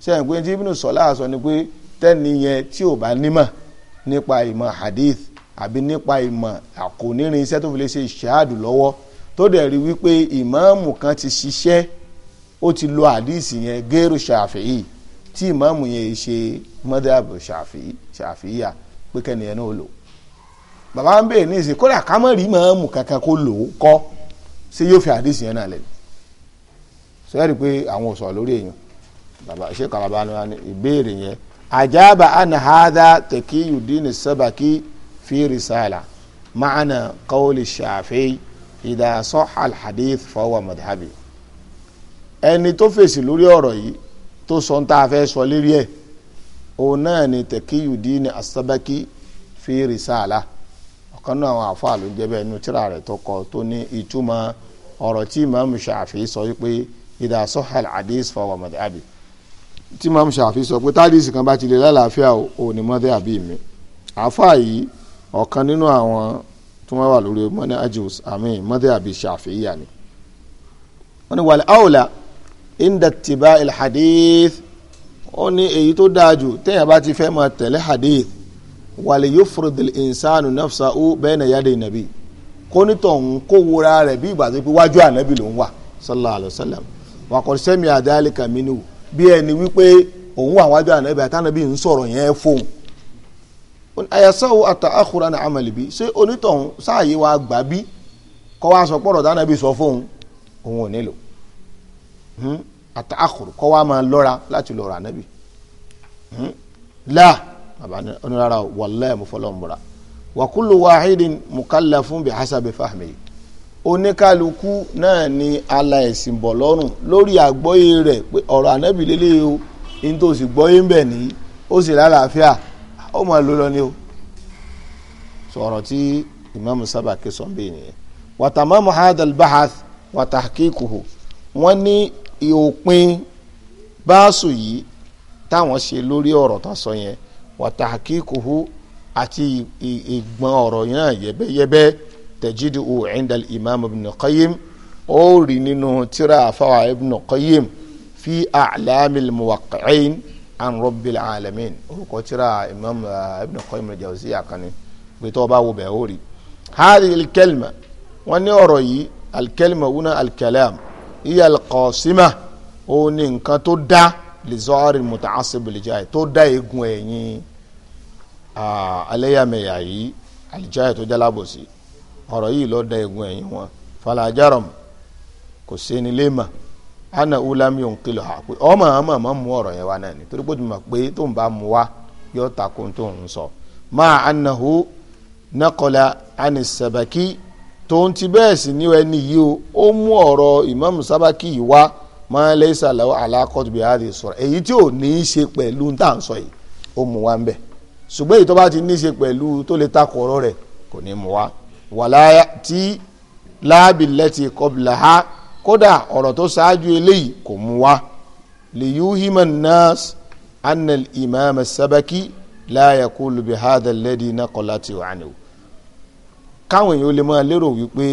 sẹ́yìn pé tí ibn Salah sọ ni pé tẹ́ni yẹn tí ò bá nímọ̀ nípa ìmọ̀ hadith àbí nípa ìmọ̀ àkónírin iṣẹ́ tó fi lè ṣe ìṣáàdù lọ́wọ́ tó dẹ̀ rí wípé ìmáàmù kan ti ṣiṣẹ́ ó ti lo àdìsí yẹn géèrò ṣàfihì tí ìmáàmù yẹn ṣe mọ́dàbù ṣàfihìyà pé kẹ́ni ẹ̀ náà lò bàbá ń bèèrè ní ìsìn kódà ká mọ̀ rí ìmáàmù kankan kó lò ó kọ́ ṣé yóò fi àdìsí yẹn náà lẹ́nu sọ yẹ́rì pé àwọn òṣùwà lórí èèyàn bàbá ṣé kàbàbà ni ìbéèrè yẹn àjábà anahada tẹkíyùdín sábàkí fi rìsàlà maana kọ́ọ̀lì ṣàfihì idha sahha al-hadith fahuwa madhhabi ẹni tó fèsì lórí ọ̀rọ̀ yìí tó sọ ń tá a fẹ́ sọ lérí ẹ̀ òun náà ni Taqiyuddin as-Sabaki fi risala ọ̀kan náà àwọn àfáà ló jẹ́ bẹ́ẹ̀ nu tíra rẹ̀ tó kọ tó ní ìtumọ̀ ọ̀rọ̀ tí imam shafi sọ wípé idha sahha al-hadith tí imam shafi sọ pé tádìsì kan bá ti lè lálàáfíà òun ni madhhabi mi àfáà yìí ọ̀kan nínú àwọn tí wọ́n wà lórí mọ́ni ajus àmì mọ́dé àbí ṣàfihàn ni. wọ́n ní wàlẹ̀ àwòlà inda tiba il hadith ó ní èyí tó dáa jù téèyàn bá ti fẹ́ máa tẹ̀lé hadith wàlẹ̀ yóò fúru dìl ìnsánu nafsa ó bẹ́ẹ̀ na yáde nàbí kónítọ̀ ń kó wura rẹ̀ bí ìgbà tó pé wájú ànábì ló ń wà sallallahu alayhi wa sallam wàkọ̀ sẹ́mi àdáyálẹ̀ kàmínú bí ẹni wípé òun wà wájú ànábì àtànábì ń sọ̀rọ̀ yẹn fóun ayasawo ata akura na amali bi ṣé onítọ̀hún sáàyè wa gbà bí kọ́ wa sọ pọ̀rọ̀ dáná bí sọ fóun òun ò nílò hmm? ata akuru kọ́ wa máa lọ́ra láti lọ́ra ànábì hmm? la baba onírara wàllẹ́ mo fọlọ́ ń bọ̀ra wàkúlù wàhídìn mukalla fún bi hasabi fahmi oníkálukú náà ni ala bọ̀ lọ́rùn lórí àgbọ́yé rẹ̀ pé ọ̀rọ̀ ànábì lélẹ́yìí o ní tó gbọ́yé ń bẹ̀ ní ó sì lálàáfíà ó máa lò lọ ni o sọ ọ̀rọ̀ tí imaamu Sabaki sọ bẹ́ẹ̀ nìyẹn watamamu hadal bahath watahkikuhu wọ́n ní òpin báàsù yìí táwọn ṣe lórí ọ̀rọ̀ tó sọ yẹn watahkikuhu àti ìgbọ̀n ọ̀rọ̀ yẹn yẹ́bẹ́yẹ́bẹ́ tajidu indal imaamu ibn qayyim ó rí nínú tírà àfáwà ibn qayyim fi a'lamil muwaqqi'in an rabbil alamin orúkọ tíra imam uh, ibn qayyim al-jawziyya àkànni pé tó o bá wo bẹ́ẹ̀ ó rí hadhihi al-kalima wọ́n ní ọ̀rọ̀ yìí al-kalima wuna al-kalam iya al-qasima ó ní nǹkan tó dá lizuari muta'assib al tó dá eegun ẹ̀yìn alẹ́yàmẹ̀yà yìí al tó jálábòsí ọ̀rọ̀ yìí ló dá eegun ẹ̀yìn wọn fala kò sí ní ana ulami ònkìlọ̀ ha pé ọmọ ọmọ ọmọ mu ọ̀rọ̀ yẹn wá náà ni torí pé tó mọ̀ pé tó ń bá mu wá yóò ta kó tó ń sọ máa anahu nakọla ani sabaki tó ń ti bẹ́ẹ̀ sì ní ẹni yìí o ó mú ọ̀rọ̀ ìmáàmù sábàkì yìí wá máa lé ìsàlẹ̀ alákọ̀tù bí adé sọ̀rọ̀ èyí tí ò ní í ṣe pẹ̀lú ń tà ń sọ yìí ó mu wá ń bẹ̀ ṣùgbọ́n èyí ti ní í ṣe pẹ̀lú tó lè takò ọ̀rọ̀ rẹ̀ kò ní mu wá wàlá tí láàbì lẹ́tì kọ́bìlà ha kódà ọ̀rọ̀ tó ṣáájú eléyìí kò mú wá liyuhiman nas anna imam sabaki la yakulu bi hadha alladhi naqalati anhu káwọn èèyàn lè máa lérò wípé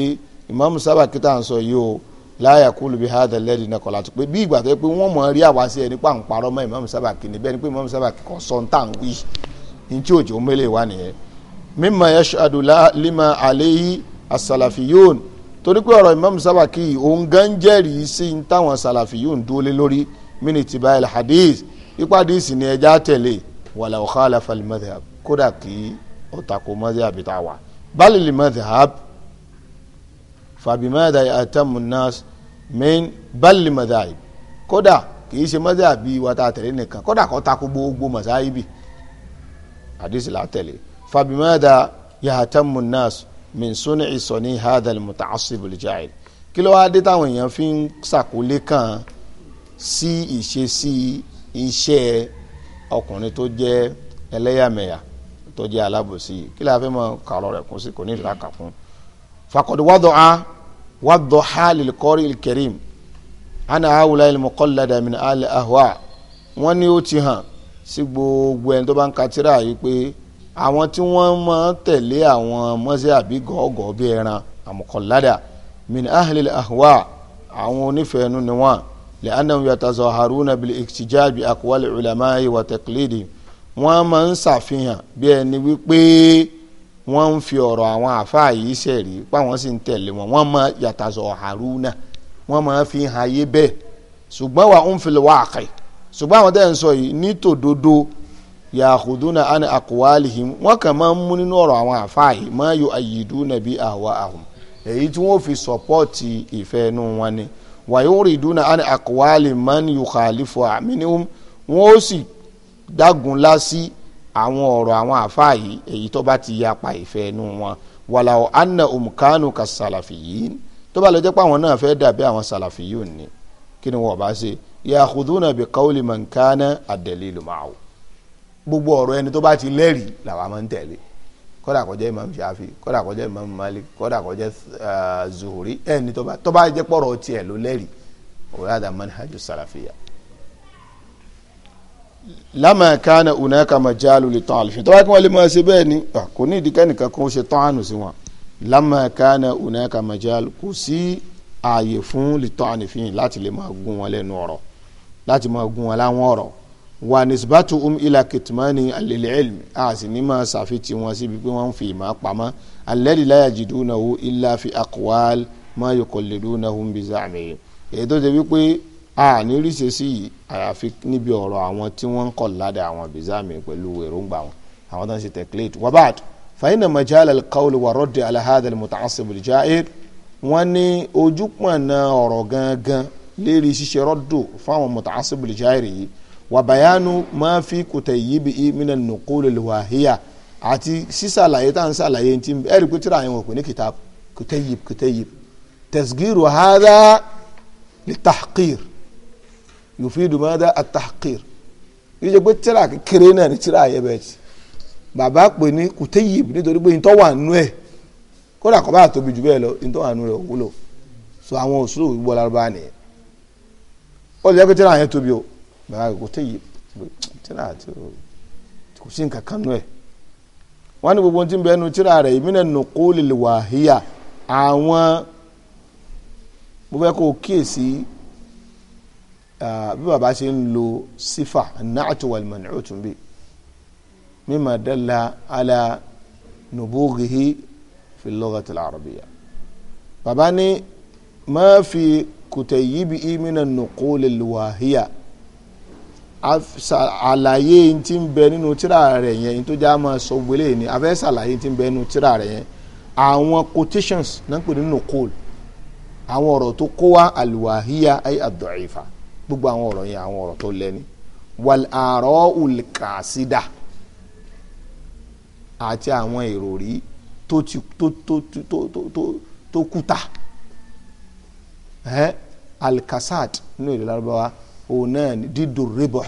imam sabaki tá à ń sọ yìí o la yakulu bi hadha alladhi naqalati pé bí ìgbà tó yẹ pé wọ́n mọ̀ rí àwa sí ẹni pàǹparọ́ mọ́ imam sabaki níbẹ̀ ni pé imam sabaki kò sọ ń tàn wí ní tí òjò mélèé wà nìyẹn mimma yashadu lima alayhi as-salafiyun torí pé ọ̀rọ̀ imam sábàkì òun gan jẹ́rìí sí ní táwọn sàlàfì yóò ń dúró lé lórí mínítì báyìí hadith ipa hadith ni ẹja tẹ̀lé wàlà ọ̀hálà falẹ̀ madhab kódà kí ó tako madhab tá a wà balili madhab fàbímẹ́dà àtẹ̀mùnás min balili madhab kódà kì í ṣe madhab bíi wata tẹ̀lé nìkan kódà kó tako gbogbo masáyíbi hadith là tẹ̀lé fàbímẹ́dà yàtẹ̀mùnás min sunni sọni hadal mutaasib olùjáde kí ló wáá dé táwọn èèyàn fi ń ṣàkólé kan sí ìṣesí iṣẹ́ ọkùnrin tó jẹ́ ẹlẹ́yàmẹ̀yà tó jẹ́ alábòsí kí lóò fẹ́ mọ kàrọ̀ rẹ̀ kún sí kò ní ìlàkà fún. fakọ̀dé wàdọ̀ a wàdọ̀ ha lil qari il karim ana awula ilmu kọ́lada min al ahwa wọ́n ní ó ti hàn sí gbogbo ẹni tó bá ń ka yìí pé àwọn tí wọ́n máa tẹ̀lé àwọn mọ́sẹ́ àbí gọ́ọ̀gọ́ bí ẹran àmọ̀kànládà min ahlil ahwa àwọn onífẹ̀ẹ́nu ni wọ́n lẹ́ànà yatazaharuna bil iktijaj bi aqwali ulama'i wa taqlidi wọ́n máa ń ṣàfihàn bí ẹni wípé wọ́n ń fi ọ̀rọ̀ àwọn àfáà yìí ṣẹ̀rí páwọn sì ń tẹ̀lé wọn wọ́n máa yatazaharuna wọ́n máa fi hàn ayé bẹ́ẹ̀ ṣùgbọ́n wà ń fi wá àkàì ṣùgbọ́n àwọn tẹ́ yàkùdúnà àni àkùwálìhìm wọ́n kàn máa ń mú nínú ọ̀rọ̀ àwọn àfáàyè máa yọ àyìdúnà bí àwa àhùn èyí tí wọ́n fi sọ́pọ́ọ̀tì ìfẹ́ inú wọn ni wàyí ó rí dúnà àni àkùwálì máa ń yọ kàlífọ ó sì dágunlá sí àwọn ọ̀rọ̀ àwọn àfáàyè èyí tó bá ti yapa ìfẹ́ inú wọn wàlàó anna umkanu ka sàlàfìyìn tó bá lọ jẹ́ pé àwọn náà fẹ́ dàbí àwọn sàlàfìyìn ni kí ni wọ́n bá ṣe yàkùdúnà bí kawli mankana àdẹ̀lẹ́lùmáwò gbogbo ọ̀rọ̀ ẹni tó bá ti lẹ́rìí làwa máa ń tẹ̀lé kódà kó imam shafi kódà kó imam malik kódà kó eh, zuhuri ẹni tó bá tó bá jẹ́ pọ̀rọ̀ tiẹ̀ ló lẹ́rìí òwe àdá manhajú sàràfíà. lámà kánà unaka majalu lè tán àlùfẹ́ tó bá kí wọ́n lè máa ṣe bẹ́ẹ̀ ni kò ní ìdíkẹ́ nìkan kó ṣe tán àánú sí wọn lámà kánà unaka majalu kò sí ààyè fún lè tán ànífín láti lè máa gún wọn lẹ́nu ọ̀rọ̀ láti máa gún wọn láwọn ọ̀rọ̀ wà nisbatu um ila kitmani alililm a sì ní máa ṣàfihàn wọn síbi pé wọ́n ń fi ìmọ̀ pamọ́ alladhi la yajidunahu illa fi aqwal ma yuqallidunahum bi za'mihim èyí tó ṣe wípé a ní ríṣe sí yìí àyàfi níbi ọ̀rọ̀ àwọn tí wọ́n ń kọ̀ ládà àwọn bi za'mihim pẹ̀lú èròǹgbà wọn àwọn tó ń ṣe tẹ̀kílẹ̀tì wà báàdù fàyínà majal alkaul wà rọ́dì alahadà mutaassib aljair wọ́n ní gangan lérí ṣíṣe rọ́dù fáwọn mutaassib aljair yìí wà bàyánu máa fi kùtà yìí bí i mìíràn nùkúlù lùwàhíyà àti sísàlàyé tá à ń sàlàyé ti ẹ rí i pé tíra yẹn wọ̀ pé ní kìtàbù kùtà yìí kùtà yìí tasgiru hada li tahqir yufidu mada at tahqir yìí jẹ́ pé tíra kékeré náà ni tíra yẹ bẹ́ẹ̀ ti bàbá pè ní kùtà yìí nítorí pé ntọ́ wà nù ẹ̀ kódà kọ́ bá tóbi jù bẹ́ẹ̀ lọ ntọ́ wà nù rẹ̀ wúlò so àwọn òṣùlù báyìí kò tẹ̀yẹ tíra àti kò sí nǹkan kan nù ẹ̀ wọ́n ní gbogbo tí ń bẹ́ẹ̀ nu tíra rẹ̀ ìmínà nùkúlì wàhíyà àwọn mo fẹ́ kó kíyèsí bí baba ṣe ń lo sífà nàcàtú wàlmánì ọ̀tún bíi mímà dàlà àlà nùbúgìhì fi lọ́gàtì làrọ̀bìyà baba ní má fi kùtà yìí bí ìmínà àlàyé tí ń bẹ nínú tíra rẹ̀ yẹn tó já máa sọ gbélé ni a fẹ́ ṣàlàyé tí ń bẹ nínú tíra rẹ̀ yẹn àwọn quotations náà ń pè nínú kóòl àwọn ọ̀rọ̀ tó kó wá àlùwàhíyá ayé àdọ̀ìfà gbogbo àwọn ọ̀rọ̀ yẹn àwọn ọ̀rọ̀ tó lẹ́ni wal àárọ̀ olùkàsídà àti àwọn ìròrí tó ti tó tó tó tó tó kúta ẹ alikasad nínú èdè lárúbáwá òun náà ni dídùn rìbọ̀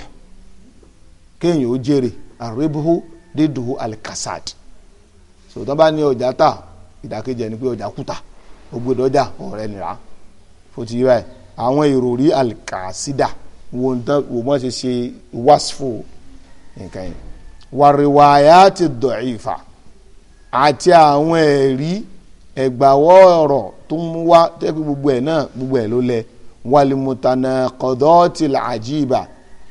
kéèyàn ó jèrè àríbùhù dídùn alikasad sòtọ́ bá ní ọjà tà ìdàkejì ẹni pé ọjà kùtà gbogbo ìdọ́jà ọ̀rẹ́ nìyà fòtí yìí báyìí àwọn ìròrí alikasida wo ń tán wo wọ́n ṣe ṣe wáṣfò nǹkan yìí wàrìwàyà ti dọ̀ìfà àti àwọn ẹ̀rí ẹ̀gbàwọ́ ọ̀rọ̀ tó ń wá tẹ́kù gbogbo ẹ̀ náà gbogbo ẹ̀ ló lẹ́ẹ̀ walimutana kọdọọti làjìbà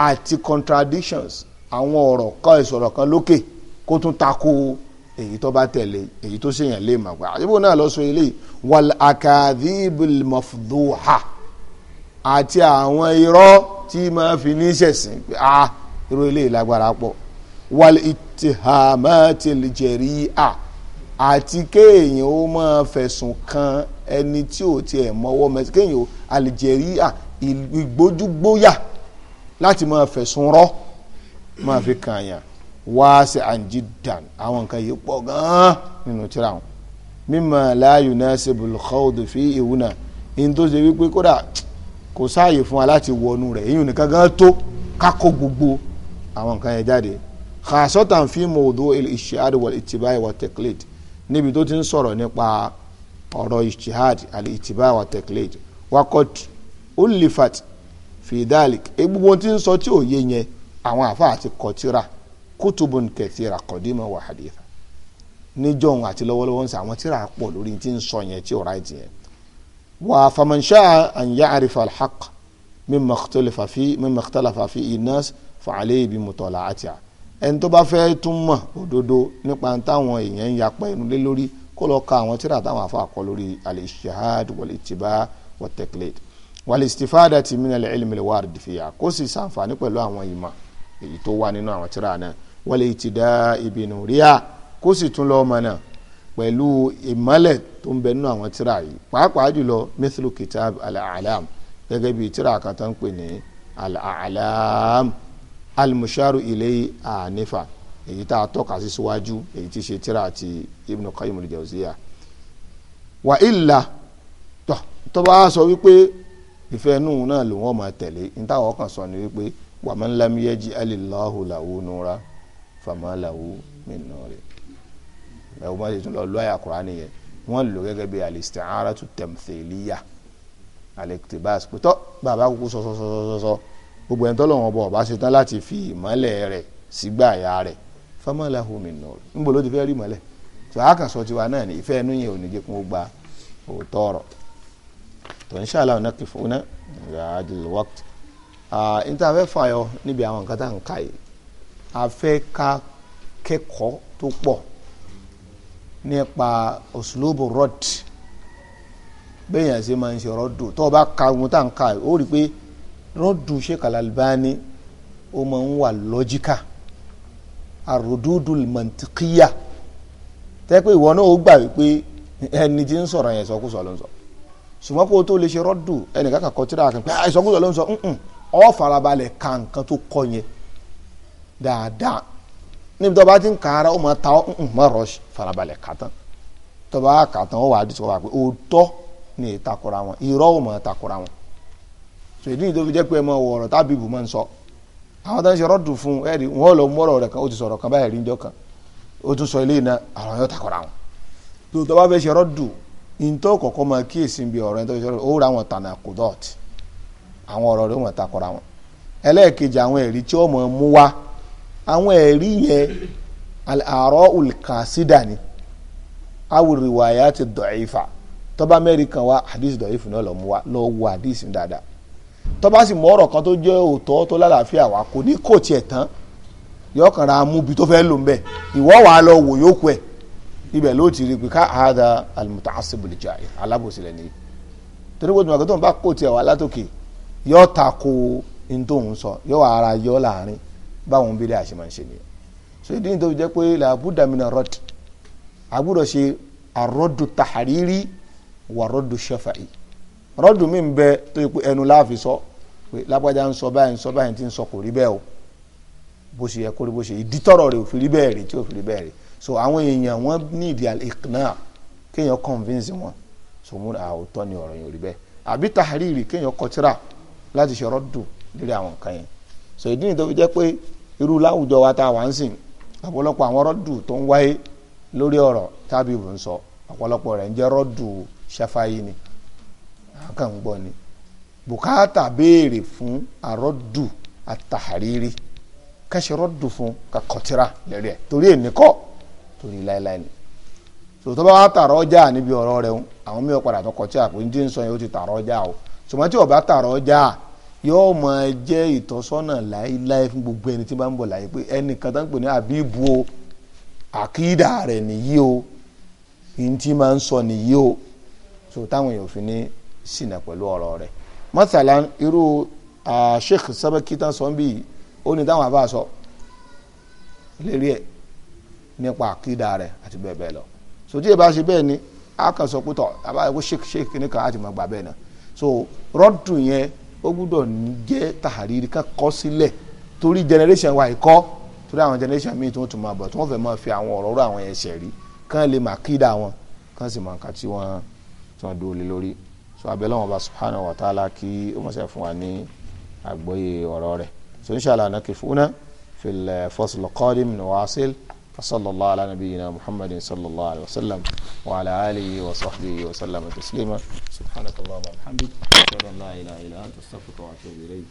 àti contradictions àwọn ọ̀rọ̀ kọ ìsọ̀rọ̀ kan lókè kó tún tako èyí tó bá tẹ̀lé èyí tó ṣèyàn lè mà gbà àyẹ̀wò náà lọ sọ eléyìí wal akadhibul mafduha àti àwọn irọ́ tí máa fi ní sẹ̀sìn pé a ah, irú eléyìí lágbára pọ̀ wal ittihamatil jari'a àti kéèyàn ó máa fẹ̀sùn kan ẹni tí ò tiẹ̀ mọ́wọ́ mẹ́sì kéèyàn àlìjẹ̀ríà ìgbójúgbóyà láti máa fẹ̀sùn rọ́ máa fi kàyàn wáásẹ̀ àǹjí dàn àwọn nǹkan yìí pọ̀ gan-an nínú tíra wọn mímọ láàyò náà ṣe bùlùkọ́ọ̀dù fi ìwúnà ní tó ṣe wípé kódà kò sáàyè fún wa láti wọnú rẹ̀ èyí nìkan gan tó kákó gbogbo àwọn nǹkan yẹn jáde khasọ́tàn fíìmù òdo ìṣe àdìwọ̀ ìtìbáyé wọ̀ tẹ̀kílẹ̀tì níbi tó ti ń sọ̀rọ̀ nípa ọ̀rọ̀ ijtihad àti ìtìbá wa tẹ̀kílẹ̀d wakọ̀t ulifat fidalik egbogbo tí ń sọ tí ò yé yẹn àwọn àfa àti kọtíra kutubun kẹtìrà kọdímọ wà hadith níjọ òun àti lọ́wọ́lọ́wọ́ ń sọ àwọn tíra pọ̀ lórí tí ń sọ yẹn tí ò ráìtì yẹn wà fàmànṣá an ya'rifa alhaq mimma ikhtalafa fi mimma ikhtalafa fi inas fàálẹ́ ibi ẹni tó bá fẹ́ tún mọ̀ òdodo nípa táwọn èèyàn ń yapa ẹnu lé lórí kó lọ ka àwọn tíra táwọn afa kọ lórí al-ishihad wal-ittiba wat-taqlid wal-istifada ti min al-ilm al-warid fiha kó sì sàǹfààní pẹ̀lú àwọn ìmọ̀ èyí tó wà nínú àwọn tíra náà wal-ihtida'i binuriha kó sì tún lọ mọ̀nà pẹ̀lú ìmọ̀lẹ̀ tó ń bẹ nínú àwọn tíra yìí pàápàá jùlọ mithlu kitab al-a'lam bíi tíra kan tó ń pè ní al-a'lam al anifa èyí tá a tọ́ka sí síwájú èyí tí ṣe tíra àti Ibn Qayyim al-Jawziya wà ìlà tó tó bá sọ wípé ìfẹ́ nùhùn náà ló wọ́n tẹ̀lé nítawọ̀ kan sọ ni wípé wa man lam yaj'al Allahu lahu nura fama lahu min nuri ẹ̀ wọ́n ti tún lọ lọ́ àyà Kùránì yẹn wọ́n lò gẹ́gẹ́ bí al-isti'aratu tamthiliya al-iktibas pẹ̀tọ́ bàbá kúkú sọ́sọ́sọ́sọ́ gbogbo ẹ̀ńtọ́ lọ́wọ́ bọ̀ ọ̀bá ṣetán láti fi ìmọ́lẹ̀ rẹ̀ sígbà ya rẹ̀ famalahu min nur níbo ló ti fẹ́ rí mọ́lẹ̀ tó a kàn sọ tiwa náà ní ìfẹ́ inú yẹn ò ní jẹ́ kó gba òótọ́ ọ̀rọ̀ tó insha Allah naqifu huna ghadil waqt níta fẹ́ fàyọ níbi àwọn nǹkan tá à ń ka yìí a fẹ́ ká kẹ́kọ̀ọ́ tó pọ̀ nípa uslubu rod bẹ́ẹ̀yàn ṣe máa ń ṣe rọ́dù tó o bá ka ohun tá à ń ka ó rí i pé rọ́dù Sheikh Al-Albani ó máa ń wà lọ́jíkà arududul mantikiya tẹ́ pé ìwọ náà ó gbà wípé ẹni tí ń sọ̀rọ̀ yẹn sọkúsọ ló ń sọ ṣùgbọ́n kó o tó lè ṣe rọ́dù ẹnìkan kan kọtí dáa kan pé àìsọkúsọ ah, ló ń sọ ọ farabalẹ̀ ka nǹkan tó kọ yẹn dáadáa níbi tó bá ti ń kà ara ó máa ta ọ mọ rọṣ farabalẹ̀ kà tán tó bá kà tán ó wà á di sọ pé òótọ́ ni ìtakùrà wọn irọ́ ó máa takùrà wọn ṣèdí ìdó fi jẹ́ àwọn tó ń ṣe rọ́dù fún ẹ rí wọn lọ mọ́rọ̀ rẹ̀ kan kaba ti sọ̀rọ̀ kan báyìí rí kan tún sọ eléyìí náà àwọn yóò takọ̀ra wọn tó tó bá fẹ́ ṣe rọ́dù ntọ́ kọ̀kọ́ máa kíyèsí bí ọ̀rọ̀ ẹni tó ṣe rọ́dù ó ra wọn tànà kò dọ́ọ̀tì àwọn ọ̀rọ̀ rẹ̀ wọn takọ̀ra wọn ẹlẹ́ẹ̀kejì àwọn ẹ̀rí tí mú àwọn ẹ̀rí yẹn àárọ̀ ni awùrìwàyà ti tó bá sì mọ ọ̀rọ̀ kan tó jẹ́ òótọ́ tó lálàáfíà wá kò ní kò tiẹ̀ tán yọ kàn ra mú bi tó fẹ́ lò ń bẹ̀ ìwọ wàá lọ wò yókù ẹ̀ ibẹ̀ ló ti rí i pé ká àádá alimutasibul jahil alábòsílẹ̀ ni torí wo tuma kí tóun bá kò tiẹ̀ wá látòkè yọ ta ko n tóun sọ yọ wàá ara yọ láàrin báwọn bí lè àṣemọ ṣe nìyẹn so ìdí ni tó fi jẹ́ pé làbúdàmínà rọd àbúrò ṣe àròdù tàhárírí wàròdù ṣẹfà yìí rọ́dùn mi ń bẹ tó yẹ pé ẹnu láàfin sọ pé lápájá ń sọ báyìí ń sọ báyìí ti ń sọ kò rí bẹ́ẹ̀ o bó ṣe yẹ kó rí bó ṣe ìdí tọ̀rọ̀ rẹ̀ ò rí bẹ́ẹ̀ rí tí ò rí bẹ́ẹ̀ rí so àwọn èèyàn wọ́n ní ìdí ìkànnà kéèyàn convince wọn so mú àwòtọ́ ni ọ̀rọ̀ yẹn ò rí bẹ́ẹ̀ àbí tahariri kéèyàn kọtíra láti ṣe rọ́dùn lórí àwọn nǹkan yẹn so ìdí nìyí tó fi jẹ́ pé irú láwùjọ wa tá a wà ń sìn ọ̀pọ̀lọpọ̀ àwọn rọ́dùn tó ń wáyé lórí ọ̀rọ̀ tábìbù ń sọ ọ̀pọ̀lọpọ̀ rẹ̀ ń jẹ́ rọ́dùn ṣẹfáyé ni àkàn ń gbọ́ ni bùkátà béèrè fún àrọ́dù àtàrírí kẹsìrọ́dù fún kakọtira lẹ́rìí ẹ̀ torí èmi kọ́ torí láéláé ni sòtọ́ bá wà tààrọ̀ ọjà níbi ọ̀rọ̀ rẹ̀ ń àwọn mi ò padà tó kọtí àpò ní tí ń sọ yẹn ó ti tààrọ̀ ọjà o sùmọ́ tí ọba tààrọ̀ ọjà yóò máa jẹ́ ìtọ́sọ́nà láéláé fún gbogbo ẹni tí bá ń bọ̀ láyé pé ẹnìkan tó ń pè ní àbíbu o àkídà rẹ̀ nìyí o ní tí máa ń sọ nìyí o sòtáwọn èèyàn ṣìnà pẹ̀lú ọ̀rọ̀ rẹ̀ mọ́sálà irú sheikh sabaki tán sọ ń bí ó ní táwọn àbá sọ lérí ẹ̀ nípa àkídà rẹ̀ àti bẹ́ẹ̀ bẹ́ẹ̀ lọ sojú ìbá ṣe bẹ́ẹ̀ ni a kàn sọ pútọ̀ àbá ẹ̀kọ́ sheikh sheikh nìkan á ti mọ̀ gbà bẹ́ẹ̀ náà so rọ́dù yẹn ó gbúdọ̀ jẹ́ tàhárírì kan kọ́ sílẹ̀ torí generation wa ìkọ́ torí àwọn generation míì tó ń tún máa bọ̀ tí wọ́n fẹ́ máa fi àwọn ọ̀rọ̀ rọ àwọn ẹ̀ṣẹ̀ rí kán lè máa kídà wọn kán sì máa ka tí wọ́n tí wọ́n dúró lé lórí so abẹ́lẹ́ wọn bá subhanahu wa ta'ala kí ó mọ̀ sẹ́ fún wa ní àgbọ́yé ọ̀rọ̀ rẹ̀ so inshallah nakifuna fil fasl qadim nuwasil وصلى الله على نبينا محمد صلى الله عليه وسلم وعلى آله وصحبه وسلم تسليما سبحانك اللهم وبحمدك أشهد أن لا إله إلا أنت أستغفرك وأتوب إليك